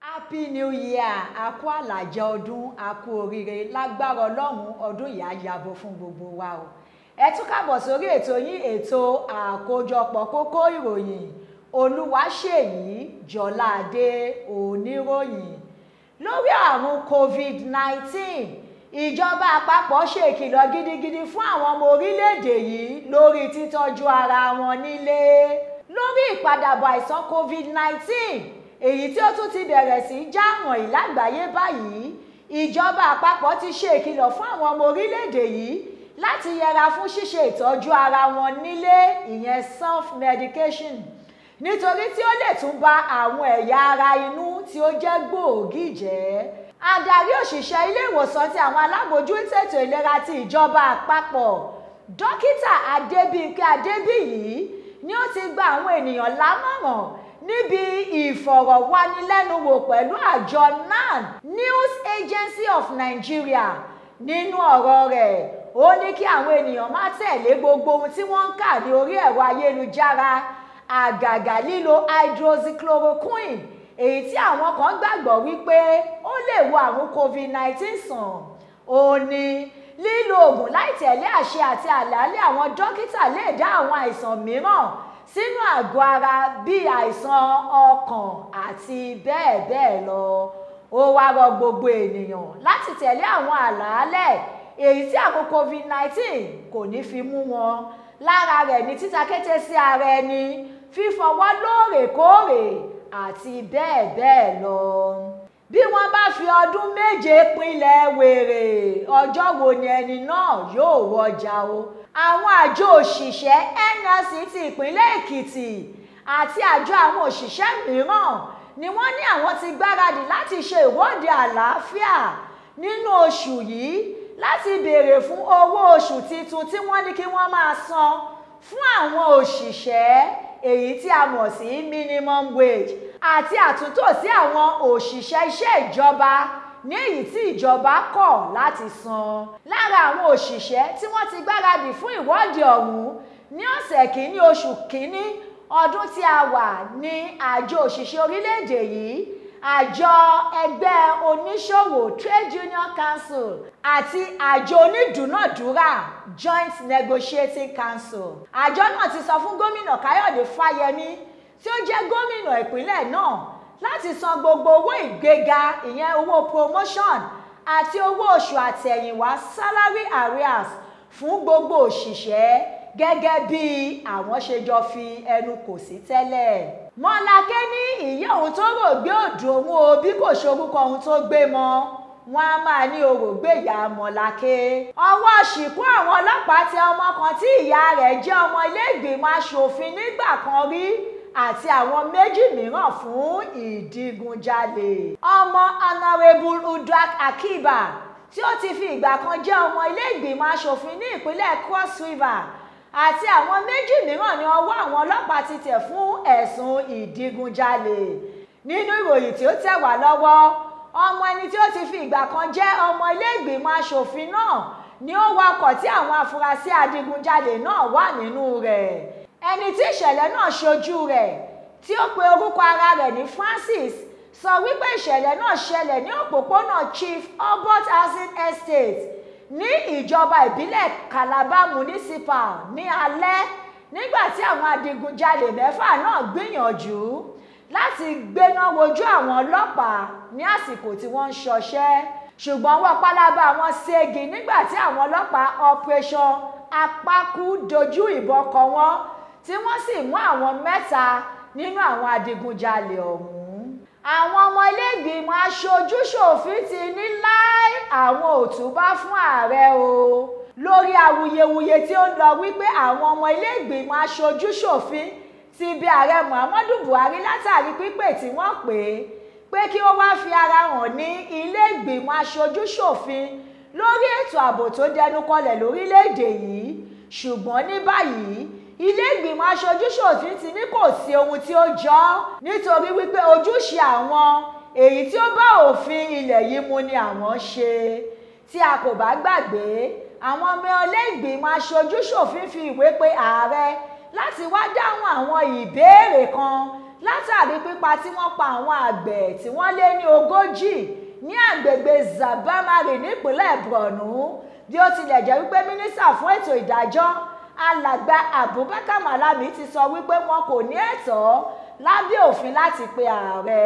happy new year a kú àlàjẹ ọdún a kú oríire lágbára ọlọ́run ọdún yìí á yabo fún gbogbo wa o ẹ tún káàbọ̀ sórí ètò yín ètò àkójọpọ̀ kókó ìròyìn olúwaṣèyí jọládé oníròyìn lórí àrùn covid nineteen ìjọba àpapọ̀ ṣèkìlọ̀ gidigidi fún àwọn ọmọ orílẹ̀-èdè yìí lórí títọ́jú ara wọn nílé lórí ìpadàbọ̀ àìsàn covid-19 èyí tí ó tún ti bẹ̀rẹ̀ sí já wọ̀nyí lágbàáyé báyìí ìjọba àpapọ̀ ti ṣe ìkìlọ̀ fún àwọn ọmọ orílẹ̀-èdè yìí láti yẹra fún ṣíṣe ìtọ́jú ara wọn nílé ìyẹn self medication nítorí tí ó lè tún ba àwọn ẹ̀yà ara inú tí ó jẹ́ gbòógì jẹ́ adarí òṣìṣẹ́ ilé ìwòsàn ti àwọn alábòójútó ètò ìlera ti ìjọba àpapọ̀ dókítà adébíyìí adébíyìí ni ó ti gba àwọn ènìyàn lámọ̀ràn níbi ìfọ̀rọ̀wánilẹ́nuwò pẹ̀lú àjọ nan News Agency of Nigeria nínú ọ̀rọ̀ rẹ̀ ó ní kí àwọn ènìyàn má tẹ̀lé gbogbo ohun tí wọ́n ń kà ní orí ẹ̀rọ ayélujára àgàgà lílo hydroxychloroquine èyí tí àwọn kan gbàgbọ́ wípé ó lè wo àrùn covid-19 sàn ó ní lílo oògùn láì tẹ̀lé àṣẹ àti àlàálẹ̀ àwọn dókítà lè dá àwọn àìsàn mìíràn sínú àgọ́ ara bíi àìsàn ọkàn àti bẹ́ẹ̀ bẹ́ẹ̀ lọ ó wá rọ gbogbo ènìyàn láti tẹ̀lé àwọn àlàálẹ̀ èyí tí àrùn covid-19 kò ní fi mú wọn lára rẹ̀ ní títa kété sí ara ẹni fífọwọ́ lóòrèkóòrè àti bẹ́ẹ̀ bẹ́ẹ̀ lọ. bí wọ́n bá fi ọdún méje pinlẹ̀ wèrè ọjọ́ wo ni ẹni náà yóò wọjà o. àwọn àjọ òṣìṣẹ́ NLC ti ìpínlẹ̀ Èkìtì àti àjọ àwọn òṣìṣẹ́ mìíràn ni wọ́n ní àwọn ti gbáradì láti ṣe ìwọ́de àlàáfíà nínú oṣù yìí láti béèrè fún owó oṣù tuntun tí wọ́n ní kí wọ́n máa san fún àwọn òṣìṣẹ́ èyí tí a mọ̀ sí minimum wage àti àtúntò sí àwọn òṣìṣẹ́ iṣẹ́ ìjọba ní èyí tí ìjọba kọ̀ láti san lára àwọn òṣìṣẹ́ tí wọ́n ti gbáradì fún ìwọ́de ọ̀hún ní ọ̀sẹ̀ kìíní oṣù kìíní ọdún tí a wà ní àjọ òṣìṣẹ́ orílẹ̀-èdè yìí àjọ ẹgbẹ́ oníṣòwò trade union council àti àjọ onídùúnàdúrà joint negotiating council àjọ náà ti sọ fún gómìnà káyọ̀dé fáyẹmí tí ó jẹ́ gómìnà ìpínlẹ̀ náà láti san gbogbo owó ìgbéga ìyẹn owó promotion àti owó oṣù àtẹ̀yìnwá salary arrears fún gbogbo òṣìṣẹ́ gẹ́gẹ́ bí àwọn ṣe jọ fi ẹnu kò sí tẹ́lẹ̀ mọ́láké ní ìyá òun tó rò gbé òdò òun o bí kò ṣorúkọ òun tó gbé mọ́ wọ́n á máa ní orò gbéyà mọ̀láké. ọwọ́ ṣìkú àwọn ọlọ́pàá tẹ ọmọ kan tí ìyá rẹ̀ jẹ́ ọmọ ilé-ìgbìmọ̀ asòfin nígbà kan rí àti àwọn méjì mìíràn fún ìdígunjalè. ọmọ honourable udak akiba tí ó ti fi ìgbà kan jẹ́ ọmọ ilé-ìgbìmọ̀ asòfin ní ìpínlẹ̀ cross river àti àwọn méjì mìíràn ní ọwọ́ àwọn ọlọ́pàá ti tẹ̀ fún ẹ̀sùn ìdígunjalè nínú ìròyìn tí ó tẹ̀ wá lọ́wọ́ ọmọ ẹni tí ó ti fi ìgbà kan jẹ́ ọmọ ilé ìgbìmọ̀ asòfin náà ni ó wakọ̀ tí àwọn afurasí adigunjalè náà wà nínú rẹ̀ ẹni tí ìṣẹ̀lẹ̀ náà ṣojú rẹ̀ tí ó pe orúkọ ara rẹ̀ ní Francis sọ wípé ìṣẹ̀lẹ̀ náà ṣẹlẹ̀ ní òpópónà Chief Albert Housing Estate ní ìjọba ìbílẹ̀ Calabar municipal ní alẹ́ nígbà tí àwọn adigunjalè mẹ́fà náà gbìyànjú láti gbéná wojú àwọn ọlọ́pàá ní àsìkò tí wọ́n ń ṣọṣẹ́ ṣùgbọ́n wọ́n pálábá wọn ségi nígbà tí àwọn ọlọ́pàá operation apákú dojú ìbọn kọ wọ́n tí wọ́n sì mú àwọn mẹ́ta nínú àwọn adigunjalè ọ̀hún àwọn ọmọ ilégbìmọ̀ aṣojúṣòfin ti ní láì àwọn òtúbá fún ààrẹ o lórí awuyewuye tí ó ń lọ wípé àwọn ọmọ ilégbìmọ̀ aṣojúṣòfin ti bi ààrẹ Muhammadu Buhari látàrí pípè tí wọ́n pè é pé kí ó wá fi ara hàn ní ilégbìmọ̀ aṣojúṣòfin lórí ètò ààbò tó dẹnukọlẹ̀ lórílẹ̀‐èdè yìí ṣùgbọ́n ní báyìí ilé ìgbìmọ̀ aṣojúṣòfin ti ní kò sí ohun tí ó jọ ọ́ nítorí wípé ojúṣe àwọn èyí tí ó bá òfin ilẹ̀ yìí mu ni àwọn ṣe tí a kò bá gbàgbé àwọn ọmọ ilé ìgbìmọ̀ aṣojúṣòfin fi ìwé pe ààrẹ láti wá dáhùn àwọn ìbéèrè kan látàrí pípa tí wọ́n pa àwọn àgbẹ̀ tí wọ́n lé ní ogójì ní àgbègbè Zabamari nípínlẹ̀ Borno bí ó tilẹ̀ jẹ́ wípé mínísítà fún ètò ìdájọ́ alàgbà Abubakar Malami ti sọ wípé wọn kò ní ẹ̀tọ́ lábẹ́ òfin láti pe ààrẹ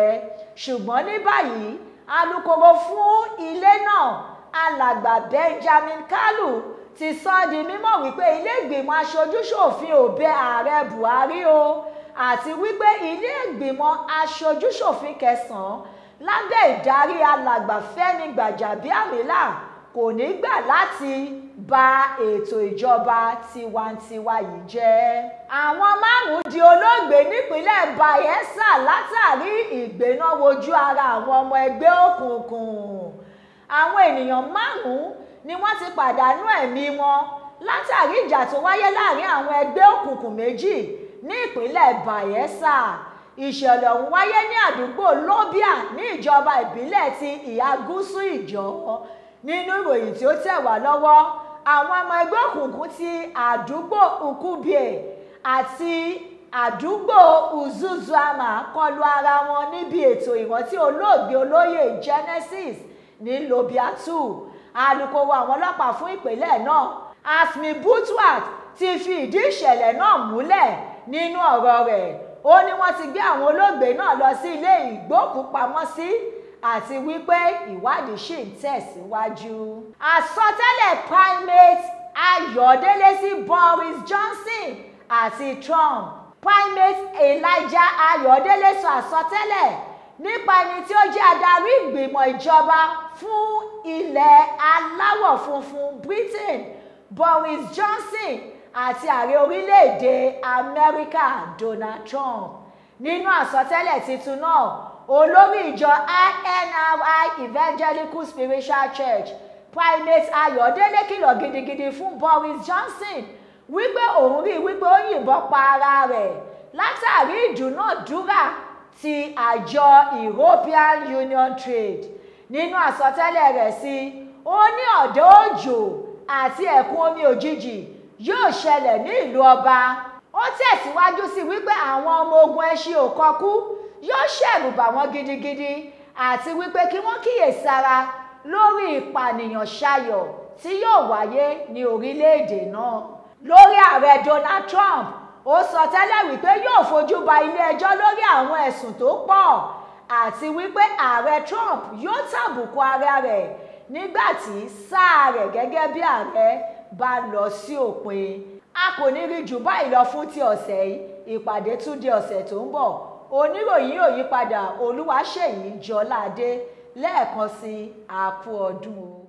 ṣùgbọ́n ní báyìí alukoro fún ilé náà alàgbà Benjamin Kalu ti sọ ọ́ di mímọ̀ wípé ilé ìgbìmọ̀ aṣojúṣòfin ò bẹ̀ ààrẹ Buhari o àti wípé ilé ìgbìmọ̀ aṣojúṣòfin kẹsàn-án lábẹ́ ìdarí alàgbà Fẹ́mi Gbàjàbíàmílà kò ní gbà láti bà ètò ìjọba tiwantiwa yìí jẹ́. àwọn márùn-ún di olóògbé nípínlẹ̀ Bayelsa látàrí ìgbéná wojú ara àwọn ọmọ ẹgbẹ́ òkùnkùn. àwọn ènìyàn márùn-ún ni wọ́n ti pàdánù ẹ̀mí wọn látàrí ìjà tó wáyé láàrin àwọn ẹgbẹ́ òkùnkùn méjì ní ìpínlẹ̀ Bayelsa ìṣẹ̀lẹ̀ ọ̀hún wáyé ní àdúgbò lobia ní ìjọba ìbílẹ̀ ti ìhà gúúsù ìjọ nínú ìròyìn tí ó tẹ̀ wá lọ́wọ́ àwọn ọmọ ẹgbẹ́ òkùnkùn ti àdúgbò nkúbíè àti àdúgbò uzuzuama kọlu ara wọn níbi ètò ìrántí olóògbé olóyè Genesis ní lobiatu alukoro àwọn ọlọ́pàá fún ìpínlẹ̀ náà asmi butwat ti fi ìdí ìṣẹ̀lẹ̀ náà múlẹ̀ nínú ọ̀rọ̀ rẹ̀ ó ní wọ́n ti gbé àwọn olóògbé náà lọ sí ilé si àti wípé ìwádìí ṣì ń tẹ̀síwájú. àsọtẹ́lẹ̀ primate Ayọ̀délé sí Boris Johnson àti Trump primate Elijah Ayọ̀délé sọ àsọtẹ́lẹ̀ nípa ẹni tí ó jẹ́ adarí ìgbìmọ̀ ìjọba fún ilẹ̀ aláwọ̀ funfun Britain Boris Johnson àti ààrẹ orílẹ̀-èdè America Donald Trump nínú àsọtẹ́lẹ̀ tuntun náà olórí ìjọ INRI Evangelical Spiritual Church primate Ayọ̀délé kìlọ̀ gidigidi fún Boris Johnson wípé òun rí wípé ó yìnbọn pa ara rẹ̀ látàrí ìdúnàdúrà ti àjọ European Union Trade nínú àsọtẹ́lẹ̀ rẹ̀ sí ó ní ọ̀dọ́ òjò àti ẹ̀kún omi òjijì yóò ṣẹlẹ̀ ní ìlú ọba ó tẹ̀síwájú sí wípé àwọn ọmọ ogun ẹṣin òkọkú yóò ṣẹ̀rù bà wọ́n gidigidi àti wípé kí wọ́n kíyèsára lórí ìpànìyàn ṣayọ̀ tí yóò wáyé ní orílẹ̀-èdè náà lórí ààrẹ Donald Trump ó sọ tẹ́lẹ̀ wípé yóò fojú ba ilé-ẹjọ́ lórí àwọn ẹ̀sùn tó pọ̀ àti wípé ààrẹ Trump yóò tàbùkù ara rẹ̀ nígbà tí sáà rẹ̀ gẹ́gẹ́ bí ààrẹ bá lọ sí òpin a kò ní rí jù báyìí lọ fún ti ọ̀sẹ̀ yìí ìpàdé tún di ọ̀sẹ̀ tó ń bọ̀ oníròyìn yóò yípadà olúwaṣèyí jọládé lẹ́ẹ̀kan sí àkú ọdún o.